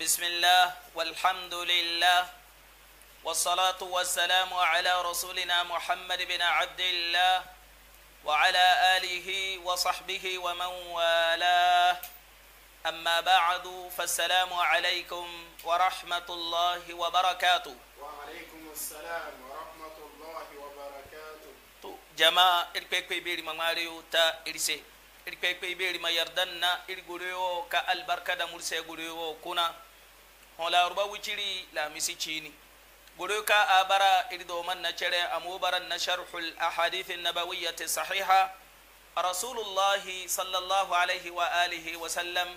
بسم الله والحمد لله والصلاة والسلام على رسولنا محمد بن عبد الله وعلى آله وصحبه ومن والاه أما بعد فالسلام عليكم ورحمة الله وبركاته وعليكم السلام ورحمة الله وبركاته جماعة البيك مماريو تا إرسي iri kpekpe ɓeeri ma yardan na iri gurewo ka albarka da mursa gurewo kuna ho laruba wuciri lamisi cini gurewo ka a bara iri doman na cere amu baran na sharhul ahadithi nabawiyyati sahiha rasulullahi sallallahu alaihi wa alihi wa sallam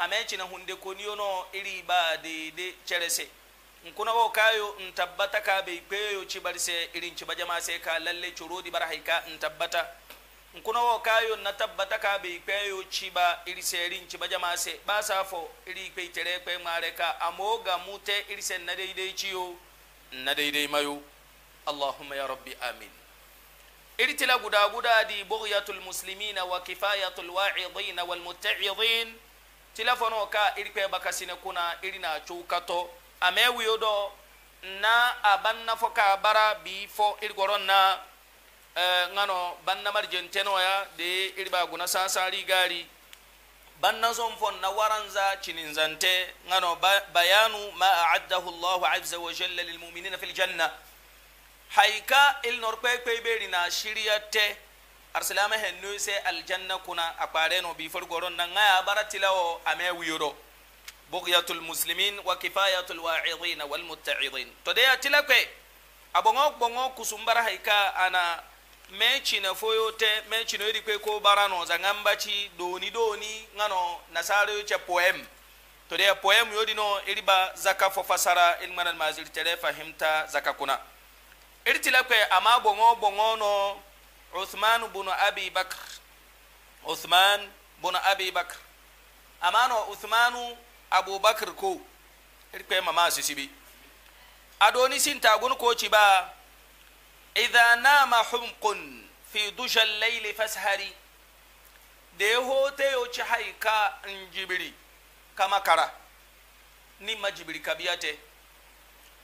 amecina hunde koniyono iri ba dede cerese nkuna wo kayo in tabbata ka bai kpeyo cibar se irin ba jama sai ka lalle curo di bar haika in tabbata nkuna wo kayo na tabbata ka be ikpe yo chiba irise ri nchiba jama se ba sa fo iri ikpe itere ikpe ngare ka amoga mute irise na deidei chiyo na deidei mayo allahumma ya rabbi amin iri tila guda guda di bughyatul muslimina wa kifayatul wa'idina wal mutta'idin tila fono ka iri kpe bakasine kuna iri na chukato amewi yodo na abanna fo ka bara bi fo iri goron na Eh, ngano banna marjentenoya de iriba guna sasari gari banna son fon na waranza cininzante ngano bayanu ma aaddahu llahu aza wa jalla lilmuminina fi ljanna hayka ilnor kpekpey ɓeri na shiriya te arsilama hennoy se aljanna kuna a kpareno bifor goron na ngaya bara tilawo ame wiyoro bugyatu lmuslimin wa kifayatu lwaidina walmutaidin to de a tila kpe kusumbara haika ana na foyo te mechino iri kwe ko bara barano zanga mbachi doni doni ngano nasara yo cha poem to de poem yo dino iri ba zaka fo fasara in manal mazil tere fahimta zaka kuna iri tilakwe ama bongo bongo no Uthman ibn Abi Bakr Uthman ibn Abi Bakr no Uthmanu Abu Bakr ko iri kwe mama sisibi adoni sinta gun ko ci ba idha nama humqun fi dusha laili fashari da ya hote yo ci haika in jibiri kama kara ni ma jibiri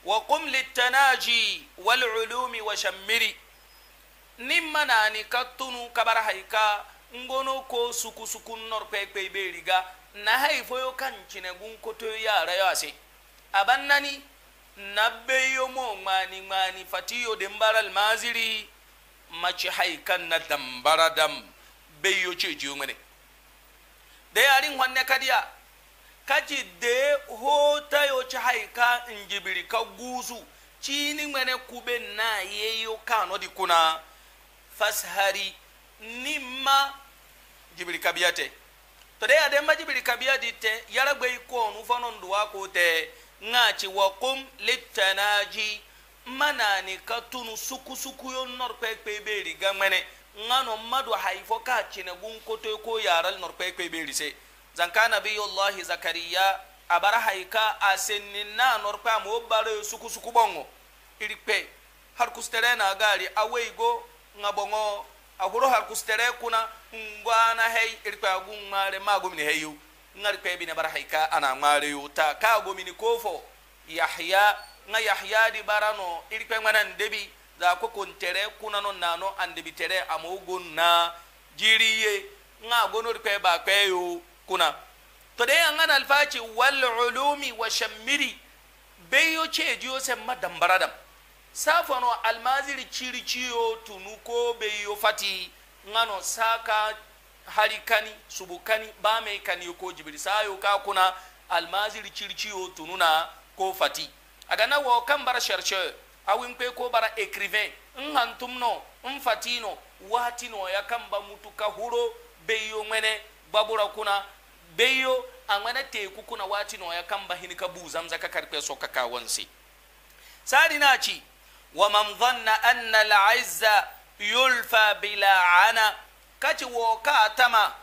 wa qum litanaji wal ulumi wa shammiri ni manani kattunu kabar haika ngono ko suku suku nor pepe riga na haifo yo kan cine gun koto yara yase abannani nabbeyomo mani mani fatiyo de mbaral masiri maci hay kanna dambara dam beyo cejiyomene de arin honne kadiya kaci de hotayo ci hay ka njibiri ka gusu cini mene kube na yeyo kano di kuna fashari nimma jibiri kabiya te to de ade ma jibiri kabiya di te yara gbe ikonu fanon duwa ko te nga ci wa kum litanaji mana ni ka tunu suku suku yo nor pepe be ri gamene nga no madu haifo ka cine gun ko koto ko yaral nor pepe be ri se zanka nabiyullahi zakariya abara haika asennin na nor pa mo bare suku suku bongo iri pe har kustere na gari aweigo nga bongo ahuro har kustere kuna ngwana hei iri pe agun mare magum ni heyu ngari kwebi ne bara haika ana ngare yuta ka gomini kofo yahya nga yahya di barano iri kwe ngana ndebi za ko ntere kuna no nano andebi tere amogun na jiriye nga gonori kwe ba kwe yo kuna tode ya an ana wal ulumi wa shammiri beyo ce jiyo sen madam baradam safano almaziri ciri ciyo tunu ko beyo fati ngano saka hari kani subu kani ba mai jibiri sayo ka kuna almaziri circiyo tununa ko fati aga na wo kan bara sharche awin kwe ko bara écrivain in hantum no in fati no wati ya kan ba mutuka huro beyo mene babura kuna beyo a te teku kuna wati ya kan ba hinika bu zamza ka karpe so ka kawansi sari na ci wa man dhanna anna al-izza yulfa bila ana kaci wo ka tama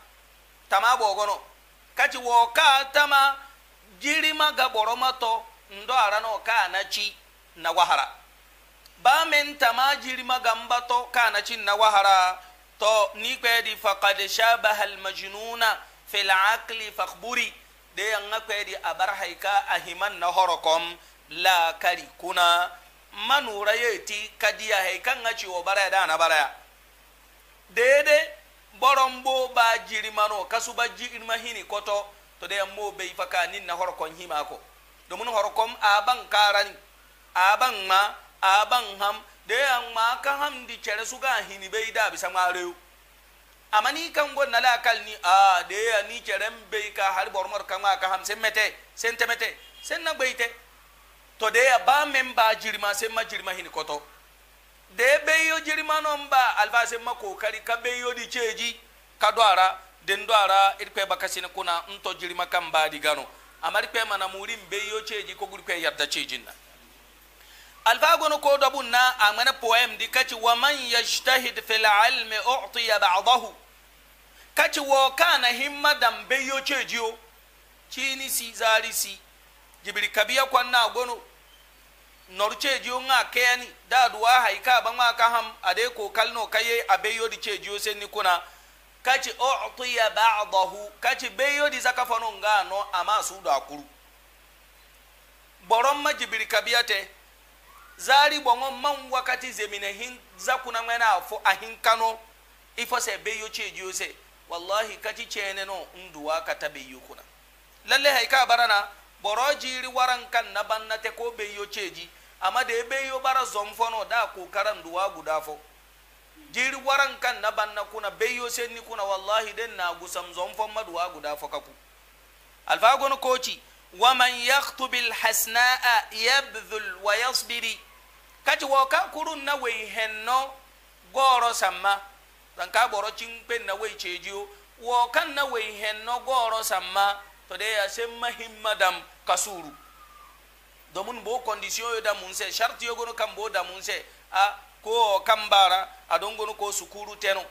tama bogono kaci wo ka tama jirima ga boroma to ndo arano ka na ci na wahara ba min tama jirima ga mbato ka na ci na wahara to ni kwedi faqad shabaha al majnuna fil aqli fakhburi de yanga kwedi abar haika ahiman na horokom la kari kuna manura yeti kadiya haikan ngaci wo baraya da na baraya daidai borombo ba jirimano kasuba jirima hini koto to de mo be ifaka nin na horkon hima ko domin horkom aban karani aban ma aban ham de an ma ka ham di chere suga hini be da bisa mareu amani kan gon na lakal ni a de ya ni chere be ka har bormor kan ma ka ham sen mete sen temete sen na beite to de ya ba memba jirima sen ma jirima hini koto da ya beyo jirmanon ba alfasin makokari ka beyo di ceji ka dwara din dwara irkwe bakasin nto jirma kan ba di gano amma irkwe mana murin beyo ceji ko gurkwe yarda cejin na ko dabun na amana poem di kaci wa man yajtahid fil ilmi u'tiya ba'dahu kaci woo kaana himma dam beyo cheeji o. cini si zari si jibiri kabiya kwanna gonu. norce jiyonga keyani da duwa haika banwa ka ham ade ko kalno kaye abe yodi ce jiyo sen ni kuna kaci u'tiya ba'dahu kaci be yodi zaka fano ngano ama su da kuru boron majibir kabiyate zari bongo man wakati zemine hin zakuna nwena fo ahin kano ifo se be yo ce jiyo se wallahi kaci cene no nduwa ka tabe yukuna lalle haika barana Boro jiri kan na banna te ko be yo cheji amma da be yo bara zonfono da ko karan duwa guda fo jiri waran kan na banna kuna be yo senni kuna wallahi den na gusam ma maduwa guda fo kaku alfa gono koci waman yakhtub hasnaa yabdhul wa yasbiri kati wo ka kurun na we henno goro samma dan ka boro cin na we cheji wo kan na we henno goro samma to de ya sem mahimmadam kasuru domin bo condition yo damunse charte yogono kam bo damunse a ko kambara adon gono ko sukuru teno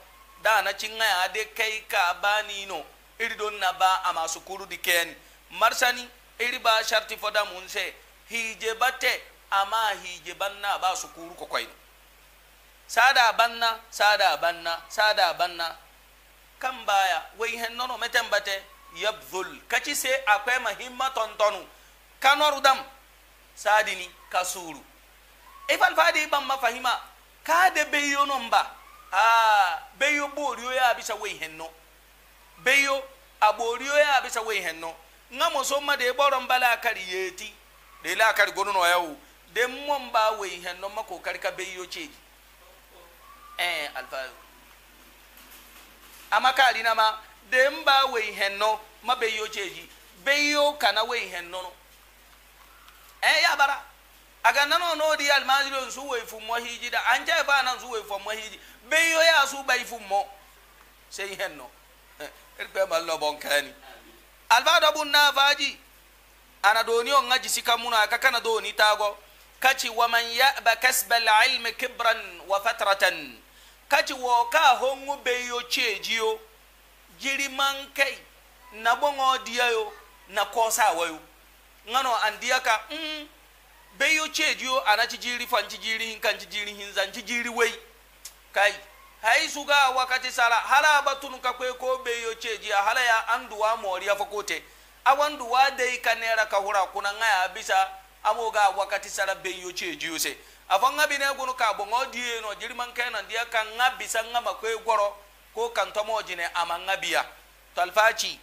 dana cingaya ade kai ka banino iri don na ba ama sukuru di ken marsani iri ba charte fo damunse hije bate ama hije banna ba sukuru ko koyno sada banna sada banna sada banna kambaya wai hennono meten bate yabdhul kaci se akwai mahimma tontonu kanoru dam sadini kasuru ifan fadi ban mafahima ka de beyo non ba a beyo borio ya bisa wai henno beyo a ya bisa wai henno nga muso ma de boron bala kari yeti de la kari gonu no yawo de mon ba henno ma ko kari ka beyo ceji eh alfa amma ka ma de mba we ihe nnọ ma be yo jeji be yo kana we ihe nnọ e ya bara aga na no di almajiro nsu we fu mo hiji da anje ba na nsu we fu mo hiji be yo ya su ba ifu mo se ihe nnọ eh, pe ma lo bon kani do bun na faji ana ni on ngaji na aka kana ni tago kaci waman yaba al ilm kibran wa fatratan kaci wo ka hongu beyo cejiyo girman kai na diya yo na kosa wayo ngano andiya ka mm, beyo chejiyo ana chijiri fan chijiri hinkan chijiri hinzan chijiri wei kai hai suga wakati sara hala batun ka kwe ko beyo chejiya hala ya anduwa moriya fakote awanduwa dai ka nera ka hura kuna ngaya bisa amoga wakati sara beyo jiyo se afan ngabine gunu ka bongo diyo no jiri man kai na ndiya ka ngabisa ngama kwe goro ko kantomo jine amanga biya talfaci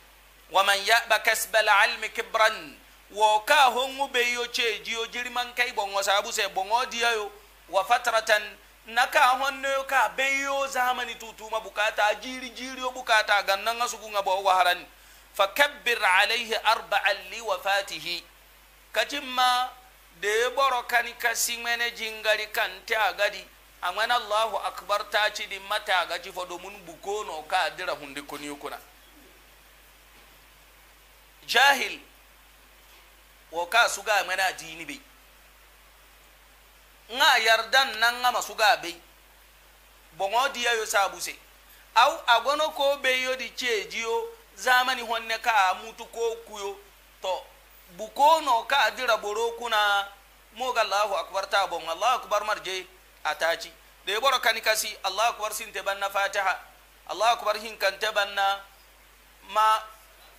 ya ba kasbal almi kibran wo ka hon be yo che jiri jirman kai wasa sabu se bongo yo wa fatratan naka ne ka be yo zamani tutuma bukata jiri jiri bukata gannan wa haran fa fakabbir alaihi arba'a li wafatihi kajimma de boro kani kasimene jingari ta gadi. aman allahu acbar ta ciɗimmataga cifo ɗomun bugono ka dira hunde koniukuna jahil wo ka suga amana dini ɓey ga yardan nangama suga ɓey bono diyayo sabuse aw agono ko ɓeyyo ɗi ceejiyo zamani honne ka mutu ko kuyo to bukono ka dira ɓoro kuna mogallahu acbar ta bon allahu acbar mar jeyi da ya boro kani kasi allah sin te banna fatiha allah akbar hin kante banna ma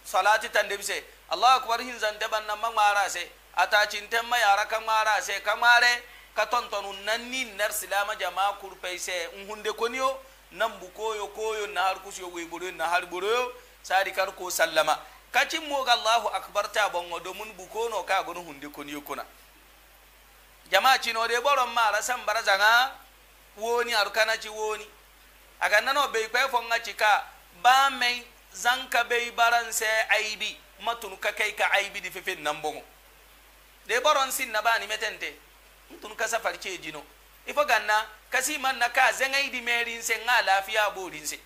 salati bise allah akbar hin te banna ma ŋmara se ataci nten ma yara ka ŋmara se ka ŋmare ka tontonu nanni nar silama jama kurpey se nhunde koniyo bu koyo koyo nahar kusiyo na nahar buru sari kar ko sallama kacin ga allahu akbar ta bongo domin bukono ka gon hunde koniyo kuna jama ma ɓoron mara sambara zaga woni arkana ci woni aga nano ɓey nga ci ka ba mey zanka ɓey baran se ma matunu ka key ka aybi di fefen nan bongo de ɓoron sinna bani metente tunu ka fari ce jino ifo ganna kasi man na ka zengay di merin se nga lafiya borin se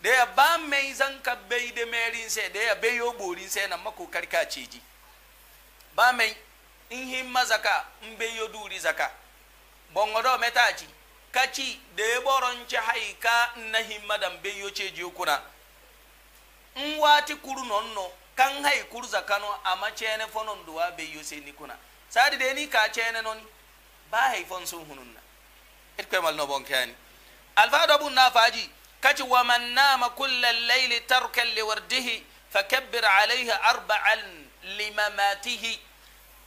de ya ba mai zanka bai da merin sai de ya bai yo borin sai nan mako karka ce ji ba mai in ma zaka mbe duri zaka bongodo metachi kachi da boron nche haika na himma da mbe yoche ji okuna nwati kuru nonno kan hai kuru zakano ama ne fono nduwa be yose ni kuna sadi de ni ka ne non ba hai sun hununna et kwe mal no bonkani alfado bun nafaji kachi wa man nama kullal layli tarkan liwardihi fakabbir alaihi arba'an limamatihi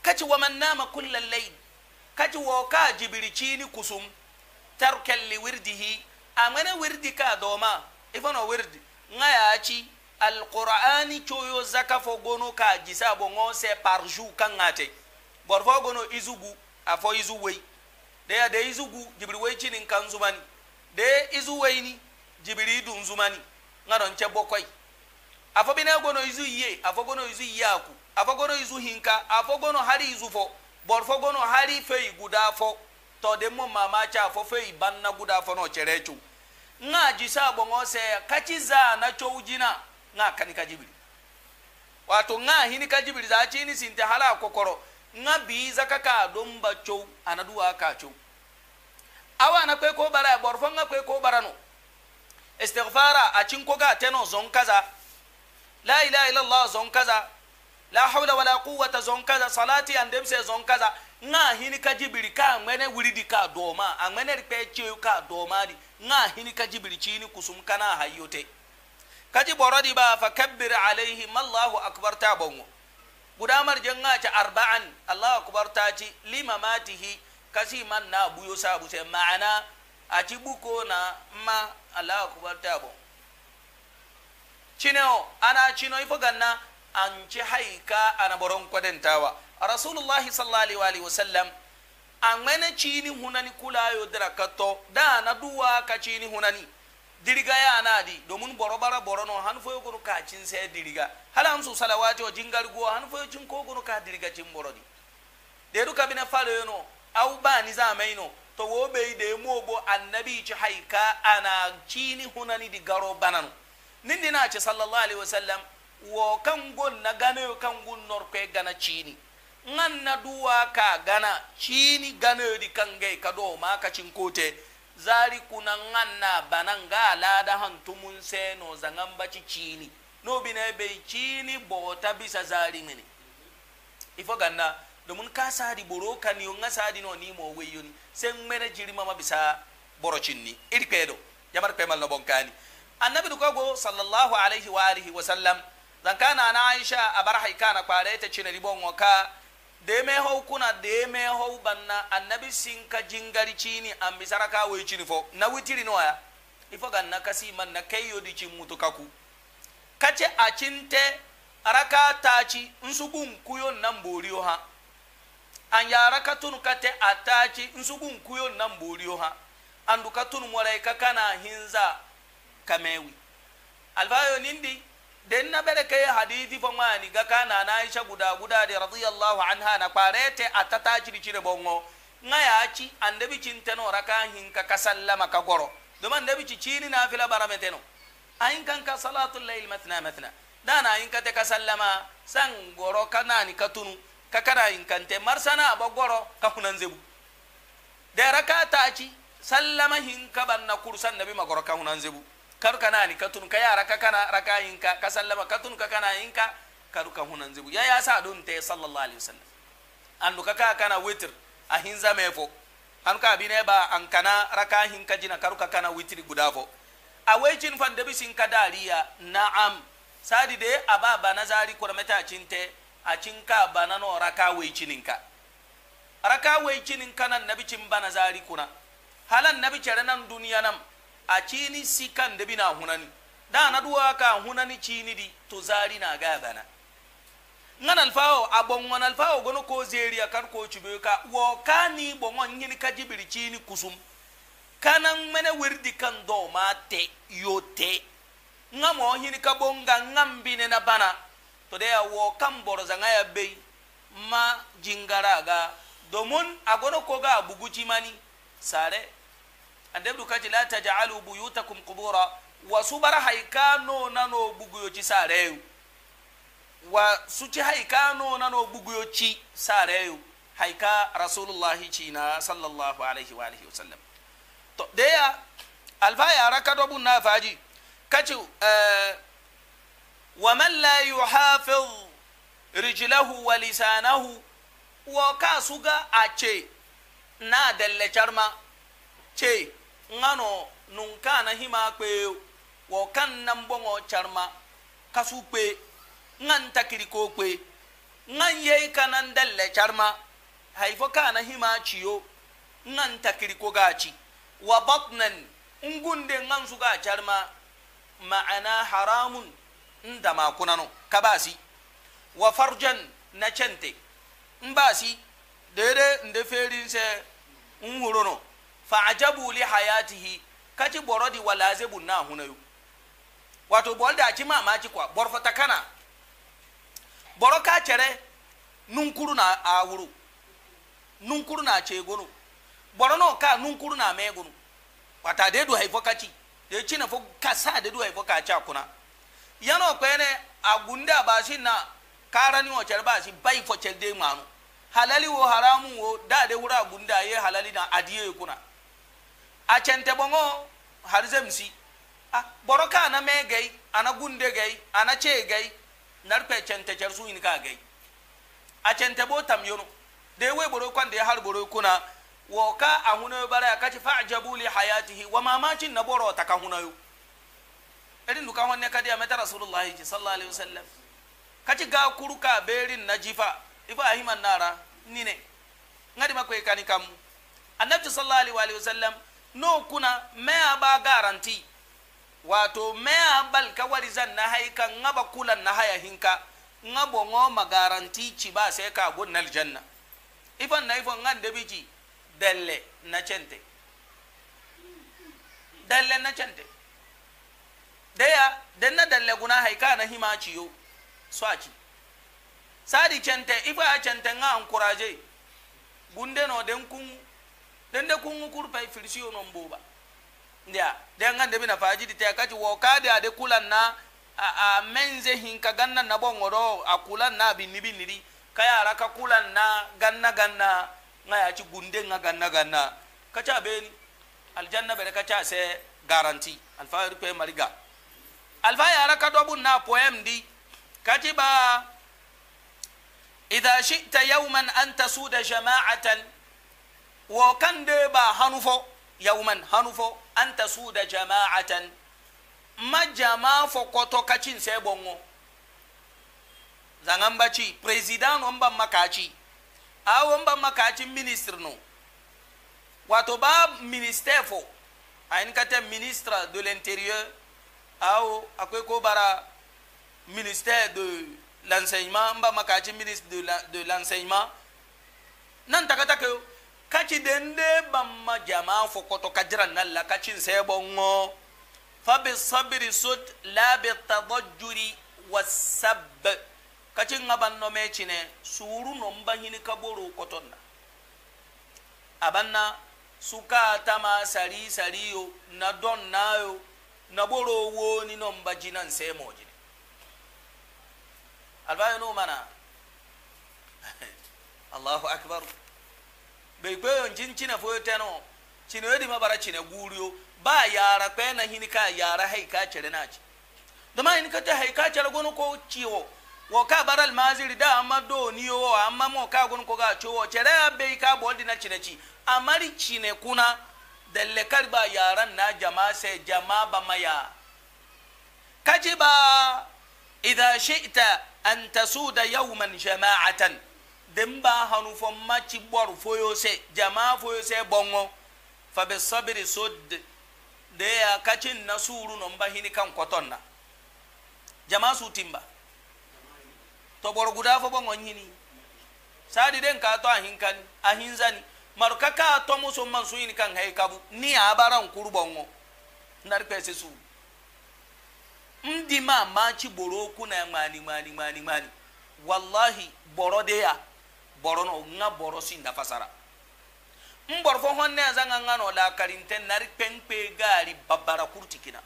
kaci wa man nama kullal layl kaci wa ka jibiricini kusum tarkal li wirdihi amana wirdi ka doma ifano wirdi ngaya ci alqur'ani coyo zakafo gono ka jisabo bo ngose par jour kangate borfo gono izugu afo izuwe de ya de izugu jibri we cinin kan zumani de izuwe ni jibri dun zumani ngaron ce bokoy afo bina gono izu yiye afo gono izu yiye aku afogono izu hinka afogono hari izu fo bor fogono hari fei guda fo to de mama cha fo fei banna guda fo no cerecu nga jisa bongo se kaci za na cowjina nga kani ka jibiri wato nga hini ka jibiri za cini sinte hala kokoro nga biza ka ka don ba cow ana duwa ka cow awa na kwe ko bara bor fo nga kwe ko bara no istighfara a cinko ga teno zon kaza la ilaha illallah zon kaza la hawla wala quwwata kaza salati an dem se kaza nga hini ka jibiri ka ngwene wuridi ka doma a ri rikpe cheyu ka doma di nga hini ka jibiri chini kusum kana hayote kaji boradi ba fa kabbir alaihi allahu akbar ta bongo gudamar na cha arba'an allahu akbar ta ci lima matihi kasi man na buyo sabu se ma'ana a ci buko na ma allahu akbar ta bongo cineo ana chino ifo ganna an ci haika a ana boron kwadentawa rasulullah sallallahu alaihi wasallam mana cini hunani kula kulayo dira kato da na duwa ka cini hunani diriga ya na di domin borobara borono han foyo gonu ka cin sai diriga hala amsu salawati o jingar go han foyo cin ko gonu ka diriga cin borodi de ruka bina falo yono au ba ni za maino to wo be de mo bo annabi ci haika ana cini hunani di garo bananu nindi na ci sallallahu alaihi wasallam wo kan gon na gane kan gun norkwe gana cini ngan na duwa ka gana cini gane di kan gai ka do ma ka cin kote zari kuna ngan na banan ga han tumun se no zangan baci chini no bine bai cini bota bisa zari mene ifo ganna domin ka sa di boro kan yo sa di no ni mo weyo ni se mene jiri mama bisa boro cinni irpedo jamar pemal no bonkani annabi dukago sallallahu alaihi wa alihi wa sallam zankana na aisha a bar haikana kware ta cina ribon waka da me hau kuna da me hau banna annabi sin ka jingari cini an misara ka wai cini fo na witiri no ya ifo gan na kasi man na kayo di cin mutu kaku kace a cinte raka ta ci in su gun kuyon nan boriyo ha an ya raka tun te a ta ci in su gun kuyon nan boriyo ha an duka tun morai ka kana hinza kamewi alfayo nindi den na bere kai hadithi fo ngani ga kana na Aisha guda guda de radiyallahu anha na parete atata ciri cire bongo ngaya ci bi cintano raka ka kasallama ka goro do man nabi cini na fila barameteno ayin kan ka salatul layl mathna mathna dana ayin ka te kasallama san goro kana ni katunu ka kana ayin kan te marsana ba goro ka hunan zebu de raka ta ci sallama hinka banna kursan nabi magoro ka hunan zebu karka na ni ka tun ka yara ka kana raka yinka ka sallama ka tun ka kana yin ka ka hunan zibu ya ya sa don ta sallallahu alaihi wasallam an ka ka kana witr a hinza me fo an ka ne ba an kana raka ka jina karka ka kana witr guda fo a wejin fan da bisin ka dariya na'am sadi de aba ba mata kurmeta cinte a cinka bana no raka ka raka wejinin kana ba na zari kuna halan nabi cere nan duniya nan a cini kan da bina hunani da na duwa ka hunani cini di to zari na ga bana ngan alfawo abon wan alfawo gono ko zeriya kan ko cube ka wo kani bongon yin ka jibiri cini kusum kanan mene wirdi kan do ma te yo te nga mo ka bonga ne na bana to de ya wo kan boro zanga ya bei ma jingara ga domin a ko ga buguci mani sare annabi kaji la taj'alu buyutakum qubura wasu bar haikano nano buguyoci sareyu wa su ci haikano nano buguyoci sareyu haika rasulullahi cina sallallahu alaihi wa alihi wasallam to deya alfa yara kadobun na faji kaci eh, wa man la yuhafiz rijlahu wa lisanahu wa ka suga a ce na dalle charma ce ngano nun kana hima kpe wo kan na bongo charma kasu kpe ngan takiri ko kpe ngan yei kanan dalle charma haifo kana hima ciyo ngan takiri ko gaci wa batnan ngunde ngan su charma ma'ana haramun nda kunano kabasi wa farjan na cente mbasi dede nde ferin se nhuru no fa ajabu li hayatihi kati boro di walaze bunna hunayu wato bol da ci mamaki kwa bor fata kana boro ka cere nunkuru na awuru nunkuru na cegonu boro no ka nunkuru na megonu wata de du haifo kaci de cina fo kasa de du haifo kaci akuna yano kwene agunda basin na karani wa cere basin bai fo cere de manu halali wo haramu wo da de wura agunda ye halali na adiye kuna achente bongo harzemsi a ah, boro ka ana megei ana gunde gei ana ce gay nar pe cente cer ka gei achente bo tam yono de we boro kan har boro na wo ka ahuna bara ka fa'jabu li hayatihi wa mamacin na boro ta ka hunayo irin duka wanne ka da mata sallallahu alaihi wasallam kati ga kuruka berin najifa jifa ibrahim nara nine ngadi makwe kanikam kam annabi sallallahu alaihi wasallam no kuna mea ba garanti wato mea balka warizan na haika ngaba kulan na haya hinka ngabo ma garanti ci ba sai ka gun janna ifan na ifan ngan da biji dalle na cente dalle na cente daya dan na dalle guna haika na hima ciyo swaci sadi cente ifa cente nga ankuraje gunde no den kun dende kungu kurpa filisiyo non buba ndia denga ndebi na fajidi te akati wokade ade kulan na a, a menze hinka ganna na bongoro akula na binni binni kaya araka kulan na ganna ganna ngaya ci gunde nga ganna ganna kacha ben aljanna bere kacha se garanti alfa rupe mariga alfa ya araka dobu na poem di kati ba idha shi'ta yawman an tasuda jama'atan wo kan de ba hanu fo yawman hanu fo ma jama fo koto kacin sai bongo zangamba baci president omba makachi makaci awon ban no wato ba minister fo ayin kata ministre de l'intérieur awo akwai ko bara ministère de l'enseignement omba makachi ministre de l'enseignement nan takataka kaci dende bamma jama fo koto kajiran nalla kacin sebo ngo fa bi sabri sut la bi tadajjuri wasabb kacin ngaban no mecine suru no mbahini kaboro kotonna abanna suka tama sari sariyo na don nayo na boro woni no mbajinan semojine albayo no mana allahu akbar be kweyo njin cina foyo teno cina yodi mabara cina guriyo ba yara kwe na hini ka yara haika, ka na ci dama hini ka ta haika, ka cere gono ko ciwo wo ka baral maziri da amma do niyo wo amma mo ka gono ko ga ciwo cere ya bai ka boldi na cina ci amari cine kuna dalle ba yaran na jama sai jama ba maya kaji ba idha shi'ta an tasuda yawman jama'atan demba hanu fo machi bor fo yo se jama fo yo se bongo fa be sabri sod de ya kacin nasuru no mba hini kan kotonna jama su timba to bor guda fo bongo hini sadi den ka to ahin kan ahin zani mar kaka to muso man su hini kan hay kabu ni abaran kurbongo nari pese su ndi ma machi boro ku na mani mani mani mani wallahi boro de ya borono nga boro sinda fasara mbor fo honne azanga ngano la tɛ nari penkpe gaari babara kurti kina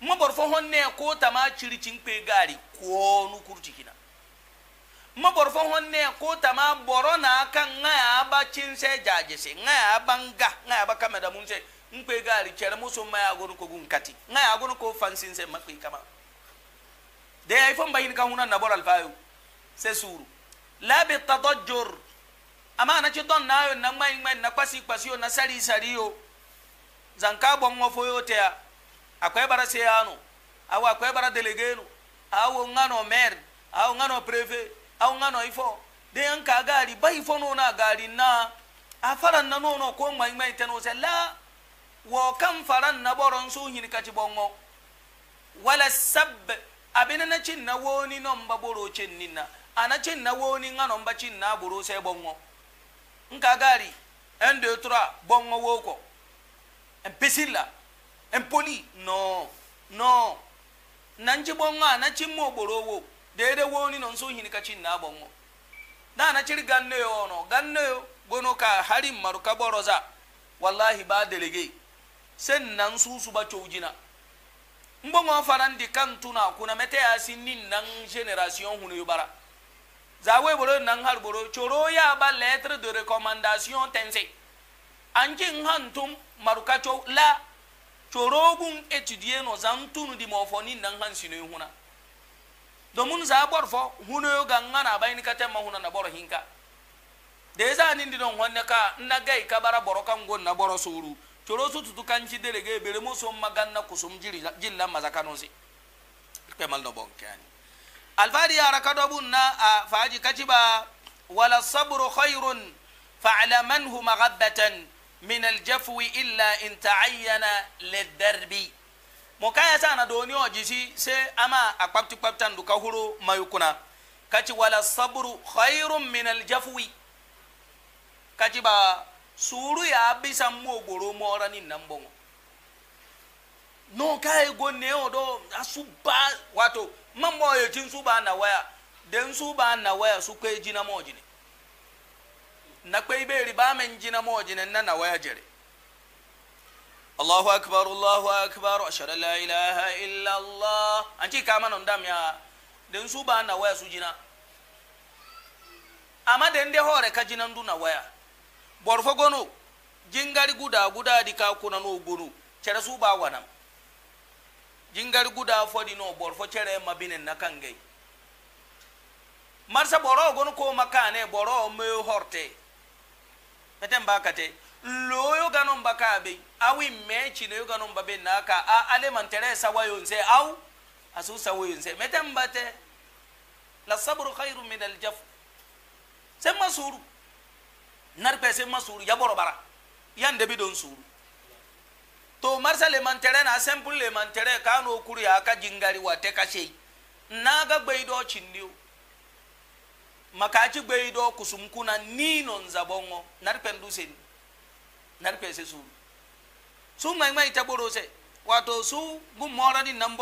mbor fo honne ko tama chiri chinkpe gari ko nu kurti kina mbor fo honne ko tama boro na aka nga ya ba chinse jajese nga ya banga nga ya ba kameda munse nkpe gaari chere muso ma ya gonu ko gunkati nga ya gonu ko fansinse makpe kama de ay fo mbayin ka hunan na bor alfayu se suru labi tatɔjor amma na ci tɔn naa na ŋmai ŋmai na kwasi-kwasi yo na sari sari yo zanka bɔn ŋɔ fo yo tɛya akɔɛ bara seyanu awo akɔɛ bara delegenu awo ŋanɔ mɛri awo ŋanɔ prefe awo ŋanɔ ifɔ de yan ka gari ba ifɔ n'o na gari na a fara na n'o nɔ ko ŋmai ŋmai n'o sɛ la wɔ kan fara na bɔrɔ n so ka ci bɔn ŋɔ wala sab abinana ci na wo ni nɔ n ba boro cɛ nin na. anachinna woni ngano mba chinna buru se bongo nka gari un deux trois bongo woko imbécile là impoli non non nanji bongo anachinma ogboro wo dede woni non so hini ka chinna bongo na anachiri ganne yo no ganne yo gono ka hari maru ka boroza wallahi ba delege sen nan susu ba chowjina mbongo farandi kan tuna kuna mete asin nin nan generation hunu yubara bara zawe boro nan har boro coro ya ba lettre de recommandation tense anji hantum maruka cho la choro gun étudier no zantunu di mofoni nan han sino huna domun za bor fo huno yo ganga na bayni kata ma huna na boro hinka de za nin di don honne ka na gai ka bara boro kan gon na boro suru coro su tutu kanci delege bere mo so maganna kusum jiri jilla mazakanosi kemal no bonkani alfadi yara kadobun na a faji kaciba wala sabru khairun fa'lamanhu maghabbatan min aljafwi illa in ta'ayyana lidarbi mo kaya sana doni o jisi se ama akpapti kpaptan du kahuro mayukuna kaci wala sabru khairun min aljafwi kaci ba suru ya bisan mo gboro mora ni nan bongo no kaya go ne odo asu ba wato man mo yo tin su ba na waya den su ba na waya su kai jina moji ne na kai be riba men jina moji ne na na waya jere Allahu akbar Allahu akbar ashhadu la ilaha illa Allah an ci kama non dam ya den su ba na waya su jina amma den de hore ka jina ndu na waya borfo gono jingari guda guda di ka kuna no gono cere su ba wanam jingal guda fodi no bor fo chere mabine nakangay marsa boro gon ko makane boro me horte peten bakate loyo ganon bakabe awi mechi ne ganon babe naka a ale mantere sawayo nse au asu sawayo nse metem bate la sabru khairu min al jaf sema suru narpe sema suru ya boro bara yande bidon suru to marsa lemantere na simple lemantere ka no kuri aka jingari wate ka shei na ga gbeido chindiu makaci gbeido kusumkuna nino nzabongo narpen dusen narpen se su su mai mai taboro se wato su gum morani nan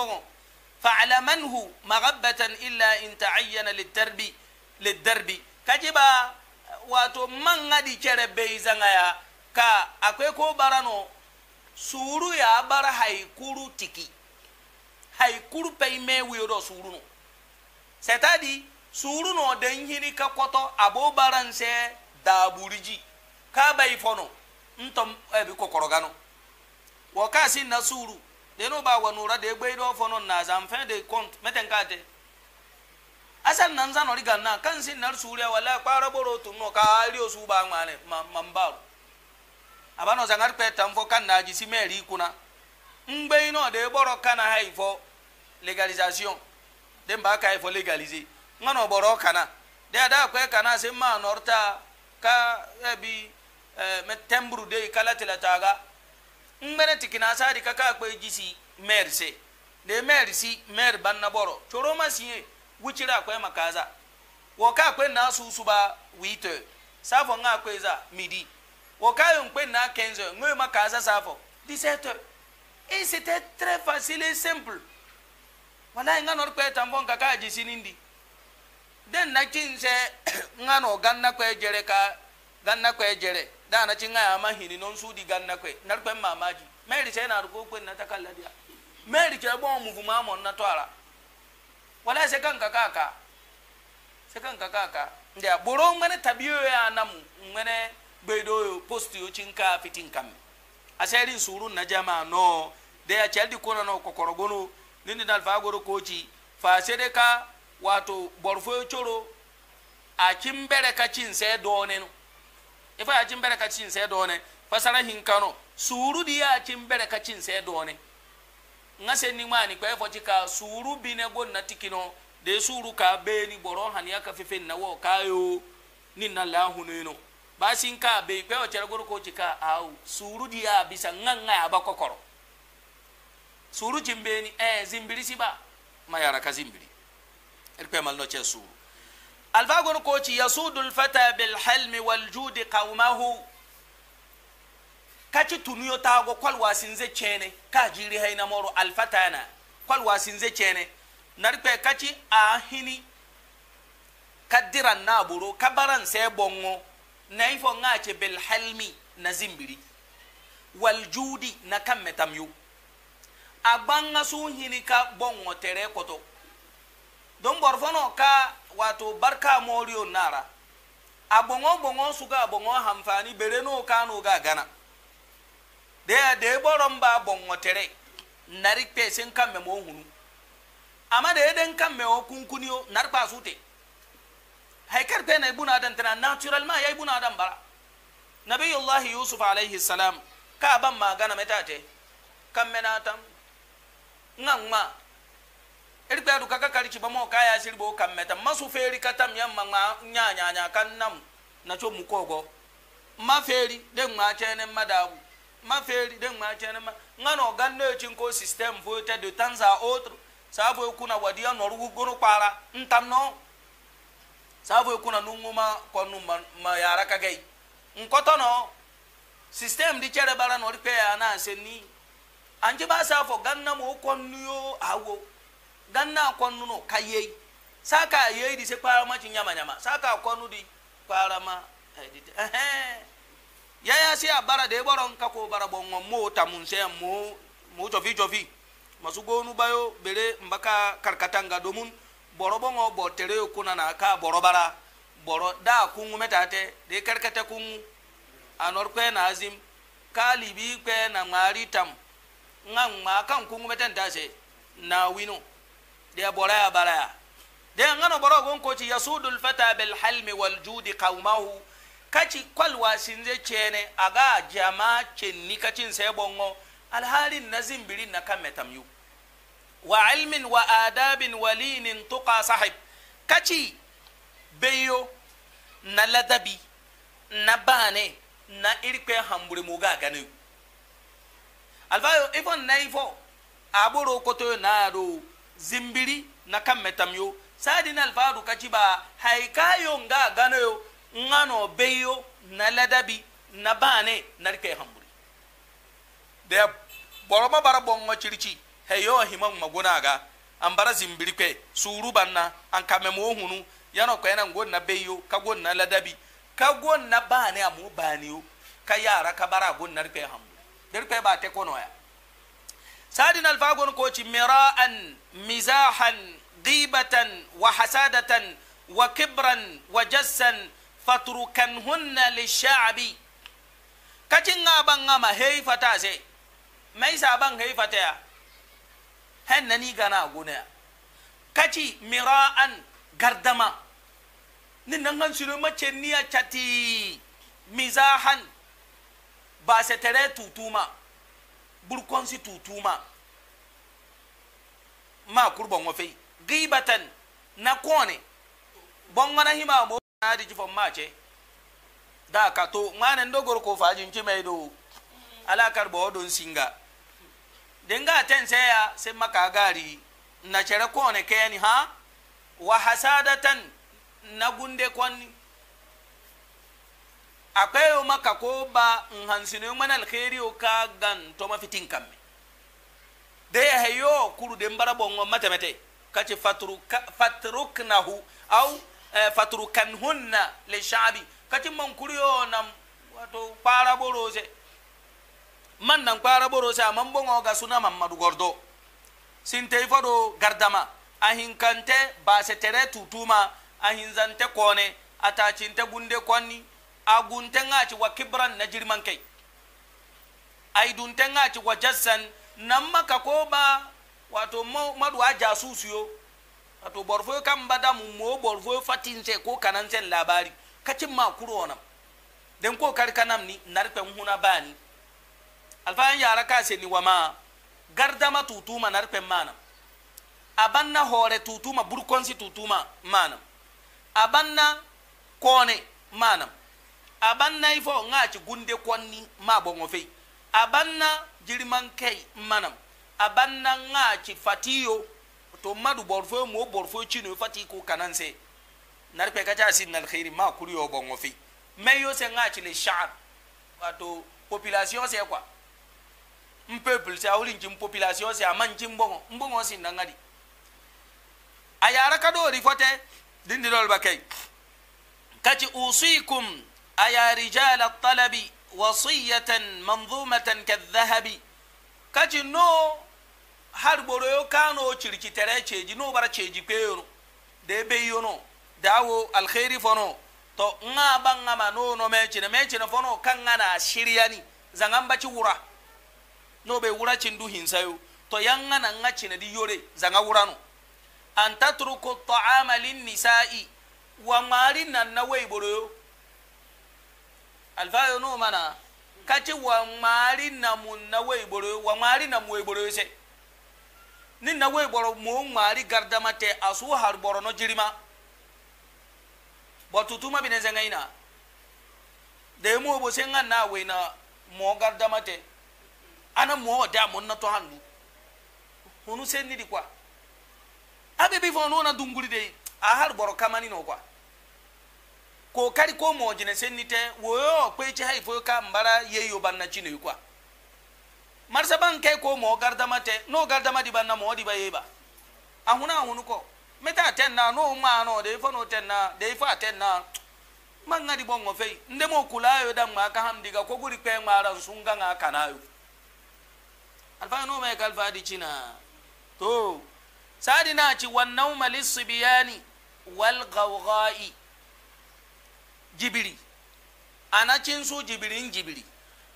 fa ala manhu maghabbatan illa in ta'ayyana litarbi lidarbi kajiba wato man ngadi kere beizanga ya ka akwai ko barano suuru ya bara haikuru tiki haikuru peime wiyodo suuru no setadi suuru no den hiri ka koto abo baranse daburiji ka bai fono ntom ebi kokoro gano wo ka si na suuru de no ba wa nura de gbe do fono na zam fe de kont meten ka te asan nan zanori ganna kan sin nar suuru ya wala kpara boro tun no ka ari osu ba ngane mambaru ma abana zangar peta mfo kan na jisi meri kuna ngbe ino de boro kana ha ifo legalisation de mba ka ifo legaliser ngano boro kana de ada kwe kana se ma norta ka ebi eh, metembru de kala tilataga ngbene tikina sadi kaka kwe jisi merse de mersi mer banna boro choro masiye wuchira kwe makaza woka kwe na susuba wite safo nga kweza midi wakayo mpe na 15 ngoyo makaza safo 17 et eh, c'était très facile et simple wala nga kwe tambon ka ka ji den na kinse nga ganna kwe jere ka ganna kwe jere da na cinga ya hini non su di ganna kwe nar mamaji meri sai na ruko kwe na takalla meri ke bon mu vuma mon na twara wala sai kan ka kaka sai kan ka ndia boro ngane tabiyo ya namu ngane gbedo posti yo cinka fitin kam aseri suru na jama no de ya chaldi kona no kokoro gono nindi dal fa goro koci fa sede wato borfo choro a cimbere ka cin se done no ifa a cimbere ka cin se done fasara hinkano suru di ya cimbere ka cin se done ngase ni mani kwa efo chika suru bine gonna tikino de suru ka ni boro haniya ka fefen na wo kayo ninna lahunino basin ka bai be pe o chere gorko ka au suru ya bisa nganga aba kokoro suru jimbeni e eh, zimbiri siba yara ka zimbiri irpe mal no che suru alfa gorko ci yasudu alfata bil hilmi wal judi qaumahu kaci tunuyo tago kwal wasinze chene ka jiri hayna moro alfatana kwal wasinze chene narpe kaci ahini kadiran naburo kabaran se bongo na ifo nga ce bil halmi na zimbiri wal judi na kan metamyu abanga su hini ka bongo tere koto don borfono ka wato barka moriyo nara a bongo bongo su ga bongo hamfani bere no kano ga gana da ya da boron ba bongo tere nari pesin kan me mo hunu amma da den kan me o kunkuniyo narpa su te haikar pe na ibuna adam tana natural ma ya ibuna adam bara nabiyullahi yusuf alaihi salam ka ban magana metate kan mena tam nga ma irbe adu kaka karki ba mo kaya shirbo kan meta masu feri tam yamma ma nya nya nya kan nam na cho kogo ma feri de ma chene madabu ma feri de ngma ne ma o no ganne chin ko system vote de temps à autre sa voye kuna wadia norugo gono para ntam no saafu kuna nunguma konu ma, ma yara kagei no system di chere bara no ripe ana ni anje ba saafo ganna mo konnu yo awo ganna konnu no kaye saka ye di se para ma nyama nyama saka konnu di para ma edite eh, eh, eh. yaya si abara de boron ka ko bara bongo mo tamun se mo mo jovi jovi masugonu bayo bele mbaka karkatanga domun boro bongo bo tere kuna na ka boro bara boro da kungu metate de karkata kungu anor kwe na azim kali bi kwe na ngari tam nga ma kan kungu meten tase na wino de bora ya bara ya de ngano boro gon ko yasudul fata bil halmi wal judi qawmahu kaci kwal wasinze cene aga jama cenni kacin sai bongo alhalin na zimbirin na kan metamyu wa ilmin wa adabin wa linin tuqa sahib kaci beyo na ladabi na bane na irikpe hambure muga gane alfayo ifon na ifo aburo koto na ro zimbiri na kan metamyo sadin alfaru kaci ba haikayo nga gane yo ngano beyo na ladabi na bane na irikpe hambure da boroma bara bongo cirici heyo hima magunaga ambara zimbiri kwe suru banna an kamem ohunu yana ngon na beyo ka na ladabi ka na bane amu baniyo ka yara ka bara na rikwe hambu dirkwe ba te kono ya sadin alfagon koci mira'an mizahan gibatan wa hasadatan wa kibran wa jassan fatrukanhunna lishabi kacin nga ban ngama heifata se maisa saban heifata ya hen ni gana gona kaci mira'an gardama ni nan kan shiru mace niya chati mizahan ba se tare tutuma burkonsi tutuma ma kurban wafe gibatan na kone wana hima mo na di jifon mace da ka to ngana ndogor ko fajin ci mai do alakar bo don singa denga ten seya se maka gari na chere kone keni ha wa hasadatan na gunde kwani akwayo maka ko ba in hansinu man alkhairi o ka gan to mafitin kamme de hayo kuru de mbara bongo matemete kace fatruka fatruknahu au eh, fatrukanhunna li sha'bi kace man kuriyo nan wato fara borose man nan kwara boro sa man bon ga suna mamadu gordo sintei fado gardama ahin kante se tere tutuma ahin zante kone cinte gunde konni a gunte ŋaci wa kibran najir man kai ai dunte ŋaci wa jassan nan maka ko ba wato madu a jasusuyo wato borfo kan bada mu mo fatin se ko sen labari kacin ma kuro den ko karkanam kanam ni narpen huna bani alfan yara ka seni wama gardama tutuma pe mana abanna hore tutuma si tutuma mana abanna kone mana abanna ifo ngachi gunde konni ma bongo fei abanna jiriman kei manam abanna ngachi fatiyo to madu borfo mo borfo chino fati ko kananse pe kacha sin khairi ma kuriyo bongo fei se ngachi le sha'ar wato population se quoi n peuple a wuli ci population si ama njin bongo n bongo si nangadi a yara ka dori fote dindi dol ba kai kaci usikum aya rijal at-talabi wasiyatan manzumatan kadhahabi kati no har boro yo kano cirki tere ceji no bara ceji peyo de beyo no dawo alkhairi fono to nga banga ma no cina mecine cina fono kan ngana shiryani zangan baci wura no ɓe wuracin du hinsayo to yangana nga cine di yore zanga wurano an tatruku taama linnisai wa mari nanna weyɓoroyo alfayo no mana kati wa mari namu na weyɓoroyo wa mari namu weyɓoroyo se ni na weyɓoro mo mari gardama te asu har ɓoro no jirima bo tutuma bine zengayna de mo ɓo se ngan na weyna mo gardama te ana mo ode amo na to handu honu sen ni di kwa abe bi fonu na dunguri de a har boro kamani no kwa ko kari ko mo jine sen ni te wo yo pe che hai fo ka mbara ye yo ban na chine kwa marsa ban kai ko mo gardama te no gardama di ban na mo di ba ye ba ahuna ahunu ko meta ten na no ma no de fo no ten na de fa ten na manga di bongo fei ndemo kulayo da ma ka hamdiga ko guri pe ngara sunga nga kanayo alfa mai kalfa di cina to sadi na ci wannan malis biyani wal gawga'i jibiri ana cin su jibirin jibiri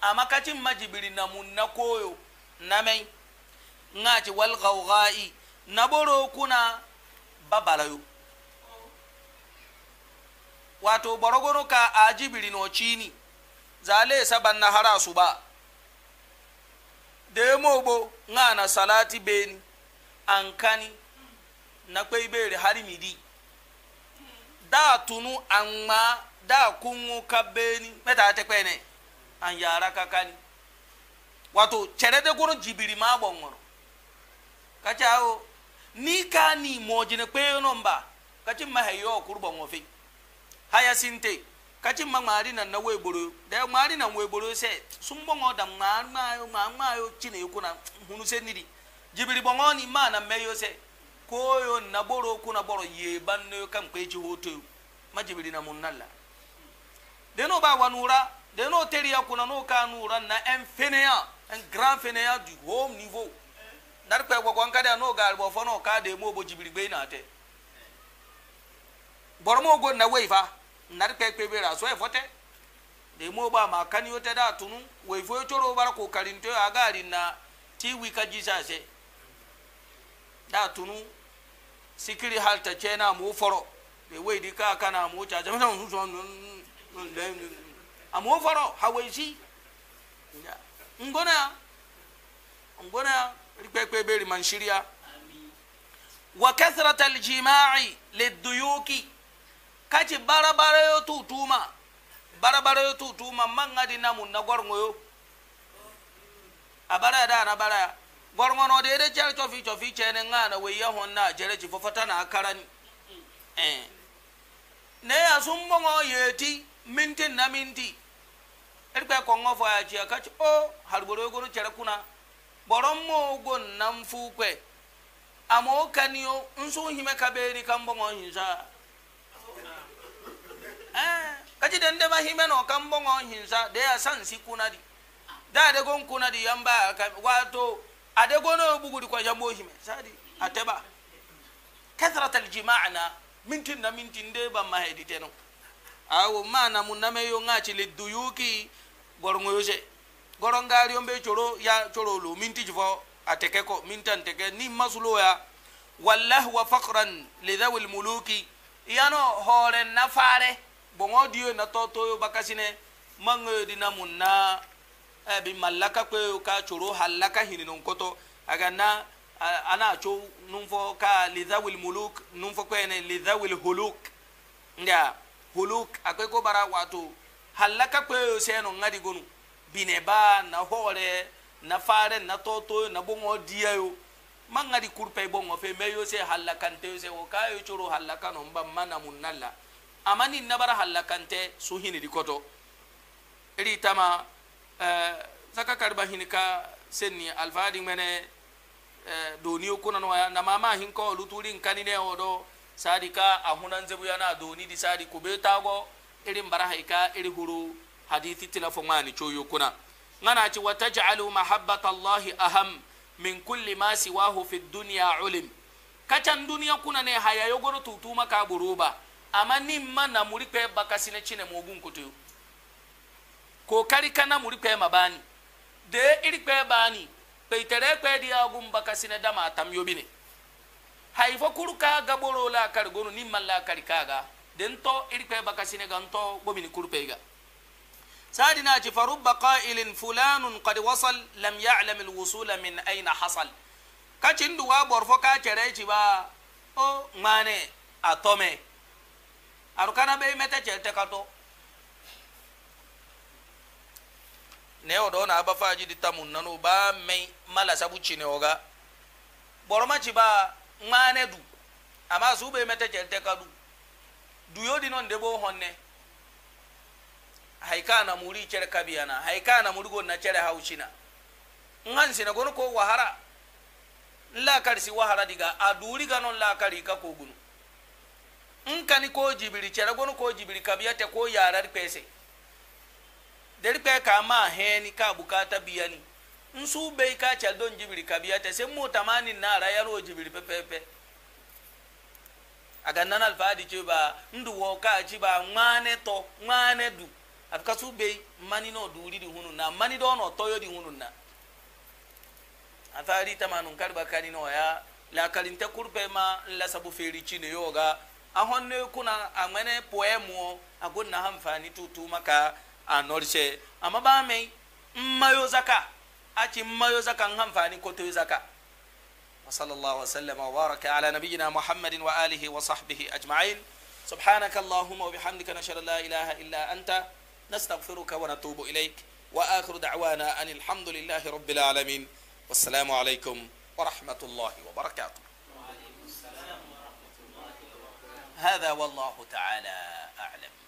a makacin ma jibiri na mun na koyo na mai Na ci wal gawga'i na boro kuna babalayo wato borogoro ka a jibiri no cini zale saban na hara su ba demogbo ngana salati beni ankani na kwe ibere hari midi da tunu amma da kunwu ka beni meta ta kwene an yara kakani wato cere de jibiri jibiri ma gbonworo kacha awo ni ka ni mojine kwe nomba kace mahayo kurban wofi haya sinte kati ma ŋmaari na na wegboro da ŋmaari na wegboro se sumbɔŋɔ da ŋmaari ŋmaayo ŋmaa ŋmaayo tina yoku na hunu se niri jibiri bɔŋɔ ni ma na mɛ yo se koyo na boro kuna boro ye ban no kan kpe hoto ma jibiri na mun nalla de no ba wanura de no teriya kuna no ka nura na en feneya en grand feneya du home niveau dar kpe gwa gwan kada no gal bo fono ka de mo bo jibiri gbe na te boro mo go na weifa narkekpebe ra so e fote de mo ba ma kan yote da tunu we fo choro bara ko karin to aga rin na ti wi ka jisa se da tunu sikiri halta chena mo foro de we di ka kana mu cha jama sun sun amu foro hawaisi ngona ngona rikpekpebe ri man shiriya wa kasratal jima'i liduyuki kati barabara yo tutuma barabara yo tutuma mangadi namun na gorgo yo abara da na bara gorgo no de de chal tofi tofi chene na we ya honna jere ci fofata na karani eh ne ya sumbo ngo yeti minti na minti erbe ko ngo fo ya ci akachi o harboro go no chere kuna boron mo go nan fu kwe amo kaniyo nso hime kaberi kan bongo hinsa kaji da ndeba hime no kan bongo hinsa de ya san si kunadi da de gon kunadi yamba ka wato ade gono bugudi kwa jambo hime sadi ateba kathrat aljima'na mintin na mintin de ba ma hedi teno awo mana mun name yo ngachi le duyuki gorongo yose gorongari yombe choro ya choro lu minti jvo ateke ko mintan teke ni masulo ya wallahu wa faqran li dhawil muluki yano hore nafare bongo diyo na toto bakasine mango eh, dina munna eh, bi mallaka kwe ka choro halaka hininon koto aga na ana cho numfo ka lidhawil muluk numfo kwene lidhawil huluk nda huluk akwai ko bara wato halaka kwe no ngadi gonu bine ba na hore na fare na toto na bongo diyo mangadi kurpe bongo fe meyo se halakante se o ka kayo choro halaka no mba mana munalla amma ni nabara halla kante su hini di koto iri tama uh, eh, saka karba hini ka senni alfaadi mene uh, eh, doniyo kuna no ya na mama hin ko luturi nkani odo sadi ka ahunan yana doni di sadi kubeta go iri mbara haika iri huru hadithi tilafo ngani choyo kuna ngana ci wataj'alu mahabbata aham min kulli ma siwahu fi dunya ulim kacan duniya kuna ne haya yogoro tutuma ka buruba ama ni ma na muri kwe bakasi ne chine mwogu nkoto yo. Ko karikana muli kwe mabani. De ili kwe bani. Pe itere kwe di agu mbakasi ne dama atamyo bine. Haifo kuru kaga bolo la karigono ni la karikaga. De nto ili kwe bakasi ne ganto gomini kuru peiga. Saadi na jifarubba kailin fulanun kadi wasal lam ya'lamil wusula min aina hasal. Kachindu wa borfo kachere ba o mane Atome. arukana be mete chelte kato ne o do na aba faji di tamun nanu ba mai mala sabu chine oga boroma ci ba ngane du ama su be mete chelte kadu du yodi non debo honne haika na muri chere kabiyana haika na muri gonna chere haushina ngansi na gono ko wahara la karsi wahara diga aduri ganon la kari ka kogunu nkani ko jibiri cere gonu ko jibiri kabiyate ko yarar pese deri pe ka ma heni ka bukata biyani nsu be ka cel don jibiri kabiyate se mu tamani na ra yaro jibiri pepepe aga nan alfaadi ci ba ndu wo ka ci ba ngane to ngane du afka su be mani no duri di hunu na mani do no toyo di hunu na a afari tamanun karba kanino ya la kalinte kurpe ma la sabu feri ci ne yoga ahon ne kuna amene poemu agun na hamfani tutu maka anorse amma ba mai mayo zaka aci mayo zaka hamfani ko to zaka wa baraka ala nabiyyina muhammadin wa alihi wa sahbihi ajma'in سبحانك اللهم وبحمدك نشهد لا إله إلا أنت نستغفرك ونتوب إليك وآخر دعوانا أن الحمد لله رب العالمين والسلام عليكم ورحمة الله وبركاته هذا والله تعالى أعلم